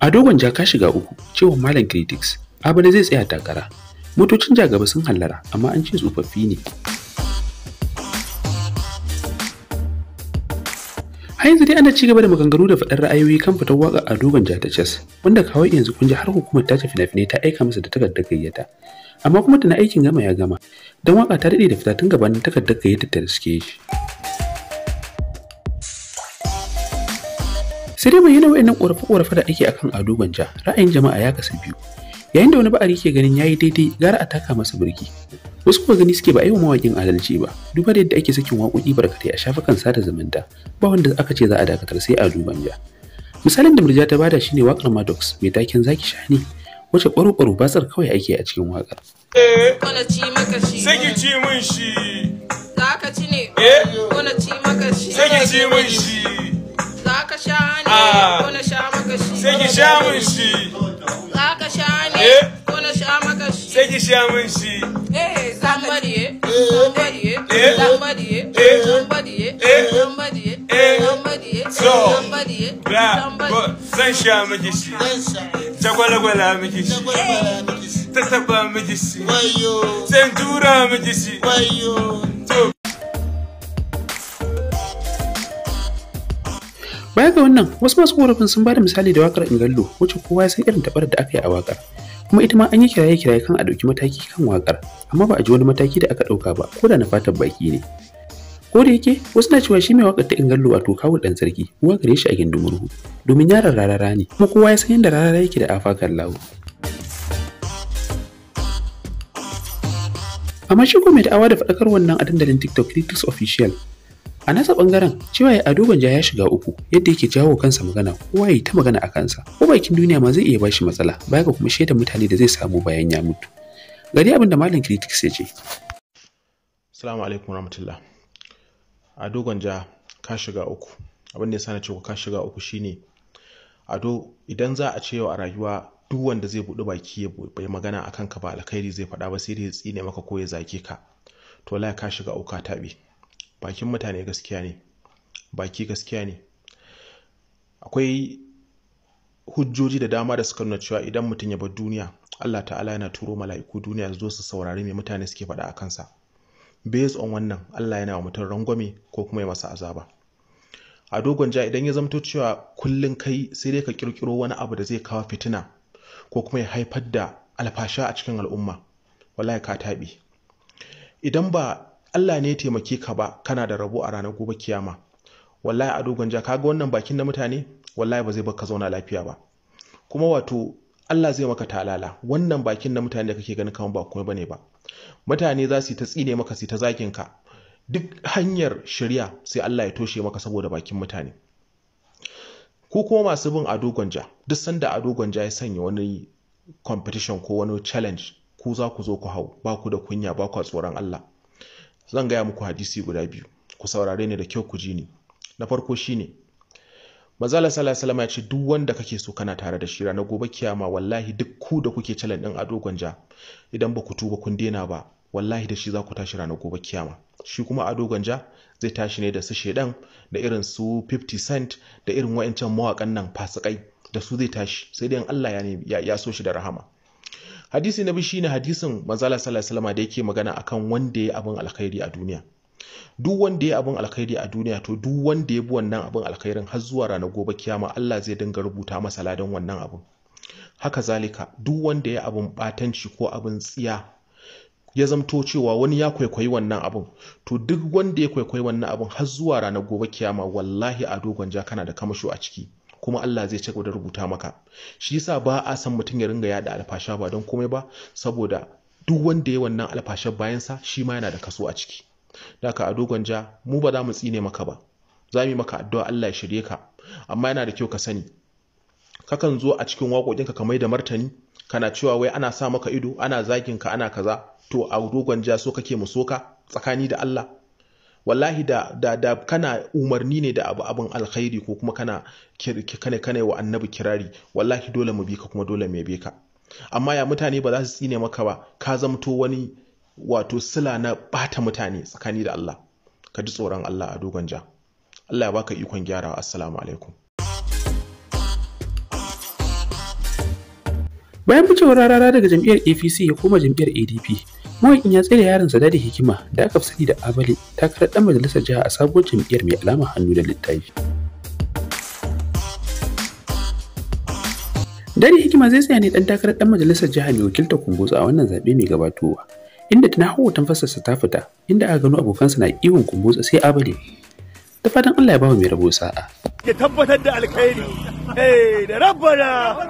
A dogon ka shiga uku, cewa Malam Critics, da zai tsaya takara. Motocin gaba sun hallara, amma an ce tsofaffi ne. Har yanzu dai ana cigaba da maganganu da faɗar ra'ayoyi kan fitar waka a dogon ta chess, wanda kawai yanzu kun ji har hukumar tace fina-finai ta aika masa da takardar gayyata. Amma kuma tana aikin gama ya gama, don waƙa ta daɗe da fita tun gabanin takardar gayyata ta riske shi. sai dai bayyana wa'annan ƙorafe-ƙorafe da ake akan ado gwanja ra'ayin jama'a ya kasu biyu yayin da wani ba'ari ke ganin yayi daidai gara a taka masa birki wasu kuma gani suke ba yi wa mawaƙin adalci ba duba da yadda ake sakin waƙoƙi barkatai a shafukan sada zumunta ba wanda aka ce za a dakatar sai ado gwanja misalin da murja ta bada ne waƙar maddox mai taken zaki shani wace ƙwaro-ƙwaro basar kawai ake a cikin waƙar. Eh, Saki Za ka ci ne? Eh? ci ci mun shi. sha mun shi za ka sha ne eh? ko na sha maka shi sai eh, ki sha mun shi eh somebody eh somebody eh, eh somebody eh somebody eh somebody eh somebody eh somebody eh somebody zan sha miki shi ta gwalagwala miki shi ta taba miki shi zan tura miki shi Baya ga wannan, wasu masu korafin sun ba da misali da wakar Ingallo, wacce kowa ya san irin tabar da aka yi a wakar. Kuma ita ma an yi kiraye-kiraye kan a ɗauki mataki kan wakar, amma ba a ji wani mataki da aka ɗauka ba, ko da na fatan baki ne. Ko da yake, wasu na cewa shi mai wakar ta Ingallo toka kawo ɗan sarki, uwa gare shi a gindin murhu, domin yaron rarara ne, kuma kowa ya san yadda rarara yake da afakar lawo. amma shi ko mai da'awa da faɗakar wannan a dandalin TikTok Critics Official a nasa bangaren cewa ya ado ja ya shiga uku yadda yake jawo kansa magana kowa ya ta magana a kansa ko bakin duniya ma zai iya bashi matsala baya ga kuma shaidar mutane da zai samu bayan ya mutu gari abin da malam critics ya ce assalamu alaikum warahmatullah ado gwanja ka shiga uku abin da ya na cewa ka shiga uku shine ado idan za a cewa a rayuwa duk wanda zai buɗe baki ya bai magana akan ka ba alkhairi zai faɗa ba sai dai ya tsine maka ko ya zake ka to la ka shiga uka taɓe bakin mutane gaskiya ne baki gaskiya ne akwai hujjoji da dama da suka nuna cewa idan mutum ya bar duniya Allah ta'ala yana turo mala'iku duniya zo su saurari mai mutane suke faɗa a kansa based on wannan Allah yana wa mutum rangwame ko kuma ya masa azaba a dogon ja idan ya zamto cewa kullun kai sai dai ka kirkiro wani abu da zai kawo fitina ko kuma ya haifar da alfasha a cikin al'umma wallahi ka taɓi idan ba Allah ne ya taimake ka ba kana da rabo a ranar gobe kiyama wallahi a dogon jaka ga wannan bakin na mutane wallahi ba zai baka zauna lafiya ba kuma wato Allah zai maka talala wannan bakin na mutane da kake ganin kamar ba komai bane ba mutane za su yi ta tsine maka su ta zakin ka duk hanyar shirya sai Allah ya toshe maka saboda bakin mutane ku kuma masu bin ado gwanja duk sanda ado gwanja ya sanya wani competition ko wani challenge ku za ku zo ku hau ba ku da kunya ba ku a tsoron Allah zan gaya muku hadisi guda biyu ku saurare ni da kyau ku ji ni na farko shine mazala sallallahu ya ce duk wanda kake so kana tare da shi ranar gobe kiyama wallahi duk ku da kuke calan din ado gwanja idan ba ku tuba kun daina ba wallahi da shi za ku tashi ranar gobe kiyama shi kuma ado gwanja zai tashi ne da su shedan da irin su 50 cent da irin wa'ancan mawakan nan fasikai da su zai tashi sai dai Allah ya, ya so shi da rahama hadisi na biyu shine hadisin manzala sallallahu alaihi da yake magana akan wanda ya abin alkhairi a duniya duk wanda ya abin alkhairi a duniya to duk wanda ya bi wannan abin alkhairin har zuwa ranar gobe kiyama Allah zai dinga rubuta masa ladan wannan abin haka zalika duk wanda ya abin batanci ko abin tsiya ya zamto cewa wani ya kwaikwayi wannan abin to duk wanda ya kwaikwayi wannan abin har zuwa ranar gobe kiyama wallahi a dogon ja kana da kamasho a ciki kuma Allah zai ci da rubuta maka shi yasa ba a san mutum ya ringa yada alfasha ba don komai ba saboda duk wanda ya wannan alfashar sa shi ma yana da kaso a ciki daka a dogon ja mu ba za mu tsine maka ba za mu yi maka addu'a Allah ya shirye ka amma yana da kyau ka sani kakan zo a cikin waƙoƙin ka mai da martani kana cewa wai ana sa maka ido ana zagin ka ana kaza to a dogon ja so kake mu soka tsakani da Allah wallahi da da da kana umarni ne da abu abin alkhairi ko kuma kana kana kane wa annabi kirari wallahi dole mu bi ka kuma dole mu bi ka amma ya mutane ba za su tsine maka ba ka zamto wani wato sila na bata mutane tsakani da Allah ka ji tsoron Allah a dogon ja Allah ya baka ikon gyarawa assalamu alaikum bayan ficewar rarara daga jam'iyyar apc ya koma jam'iyyar adp mawakin ya tsere yaron sada da hikima da aka fi sani da abale takarar dan majalisar jiha a sabuwar jam'iyyar mai alama hannu da littafi dare hikima zai tsaya ne dan takarar dan majalisar jiha mai wakilta kungozo a wannan zaɓe mai gabatowa inda tana hawa fasarsa ta fita inda aka gano abokansa na iwon kumbutsa, sai abale Ta fatan Allah ya ba mai rabo sa'a ya tabbatar da alkhairi eh da rabbana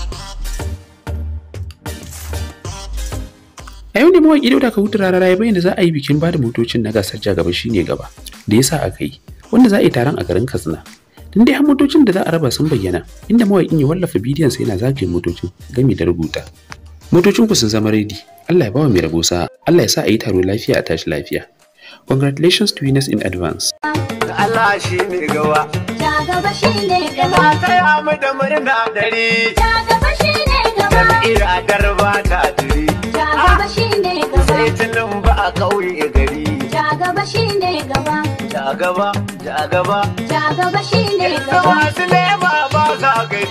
a yau da mawaƙi dauda ka hutu rarara ya bayyana za a yi bikin bada motocin na gasar ja gaba shine gaba da yasa aka yi wanda za a yi taron a garin katsina tun dai har motocin da za a raba sun bayyana inda mawaƙin ya wallafa bidiyon sa yana zagaye motocin gami da rubuta motocin ku sun zama ready Allah ya bawa mai rabo sa Allah ya sa a yi taro lafiya a tashi lafiya congratulations to winners in advance Allah shi ne gawa ja gaba shi ne gaba ta yi da murna dare ja gaba shi ne gaba jam'iyyar ba ta dare Gaba shi ne gaba. tilin ba a gari. Ja gaba shi ne gaba. Ja gaba, ja gaba. Ja gaba shi ne gaba. Masu ba gari.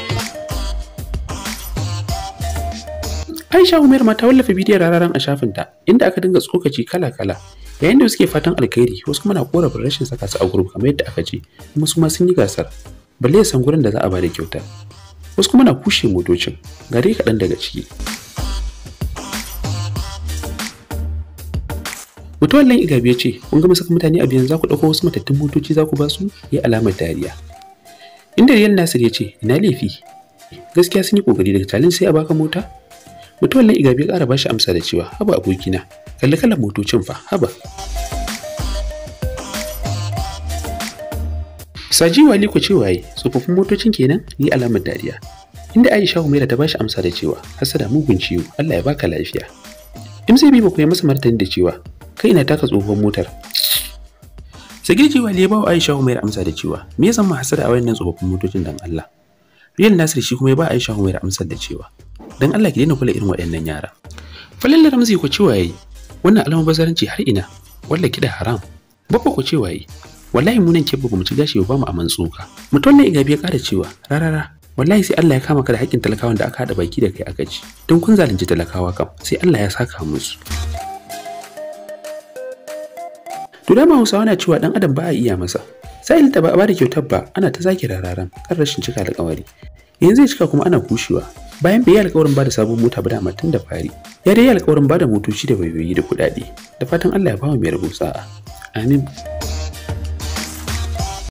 Aisha Umar ma ta wallafa bidiyon rararen a shafinta inda aka dinga tsokaci kala-kala yayin da suke fatan alkhairi wasu kuma na korafin rashin saka su a gurbi kamar yadda aka ce kuma su ma sun yi gasar balle ya san gurin da za a bada kyauta wasu kuma na kushe motocin gare kaɗan daga ciki mutuwar wannan igabi ya ce kun gama saka mutane a biyan za ku ɗauko wasu matattun motoci za ku ba su ya alamar dariya inda riyal nasir ya ce ina laifi gaskiya sun yi kokari daga talin sai a baka mota mutuwar lan igabi ya ƙara bashi amsa da cewa haba abokina kalli kalan motocin fa haba Saji Wali ku ce waye tsofaffin motocin kenan ni alamar dariya inda Aisha umaira ta bashi amsa da cewa hasada mugun ciwo Allah ya baka lafiya In ba ku yi masa martani da cewa kai na taka tsohon motar sagirji wali ya ba wa aisha humair amsa da cewa me ya zama hasada a wayannan tsofaffin motocin dan Allah Riyal Nasir shi kuma ya ba Aisha Humaira amsar da cewa dan Allah ki daina kula irin waɗannan yara. Falalla Ramzi ku cewa waye? wannan alamun bazaranci har ina walla kida haram. Baba ku cewa waye? wallahi mu nan kebba mu ci gashi ba mu aman tsoka. Mutum ne igabi ya ƙara cewa rarara wallahi sai Allah ya kama ka da haƙƙin talakawan da aka haɗa baki da kai aka ci. Don kun zalunci talakawa kam sai Allah ya saka musu. to dama hausawa na cewa dan adam ba a iya masa sai ta ba a bada kyautar ba ana ta zaki rararan kan rashin cika alƙawari yanzu ya cika kuma ana kushewa bayan bai yi alƙawarin da sabon mota ba da tun da fari ya dai yi alƙawarin bada motoci da baibayi da kuɗaɗe da fatan Allah ya bawa mai rabo sa'a amin